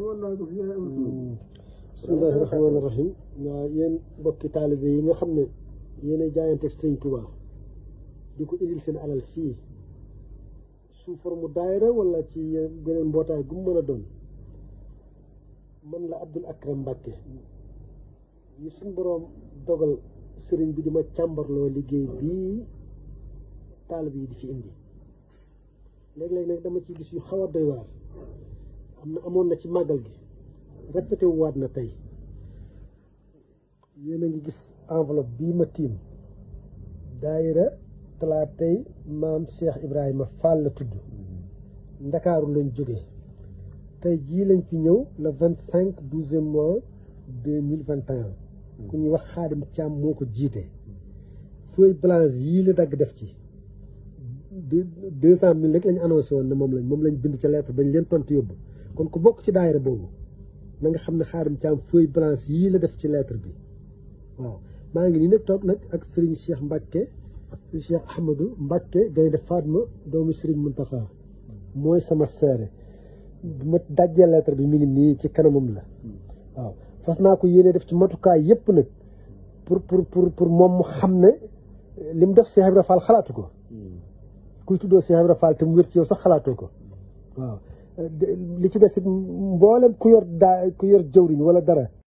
bismillahi rahmaani rahim waa mm. yéen bokki taalibe yi nga xam ne yéen ay jaayante sëñ Tuubaa di ko indil seen alal fii sous forme daayira wala ci beneen mbootaay gu mu a doon man la Abdul Akram Mbàkke yi suñ boroom dogal sëriñ bi di ma càmbarloo liggéey bii taalibe yi di fi indi léeg-léeg nag dama ciy gis yu xaw doy waar am na amoon na ci màggal gi répété waat na tey yéen ngi gis enveloppe bii ma tiim daayira talaatay maam Cheikh Ibrahima Fall la tudd ndakaaru lañ jógee tey jii lañ fi ñëw le vingt cinq douzième mois deux mille vingt et un ku ñuy wax xaadim Thiam moo ko jiite feuille blanche yii la dagg def ci deux deux cent mille rek la woon ne moom lañ moom lañ bind ca lettre bañ leen tontu yóbbu kon ku bokk ci daayira boobu na nga xam ne xaarim caam feuille blanche yii la def ci lettre bi waaw maa ngi nii nag toog nag ak Serigne Cheikh Mbacke Cheikh Ahmadou Mbacke Gaynde Fatma doomu Serigne Mountakha mooy sama seere bu ma dajjee lettre bi mu ngi nii ci kanamam la waaw fas naa ko yéene def ci matukaay yépp nag pour pour pour pour moom mu xam ne li mu def Cheikh Ibrahima Fall xalaatu ko kuy tuddoo Cheikh Ibrahima Fall te mu wér ci yow sax xalaatoo ko waaw li ci des it mboolem ku yor daa ku yor jëwriñ wala dara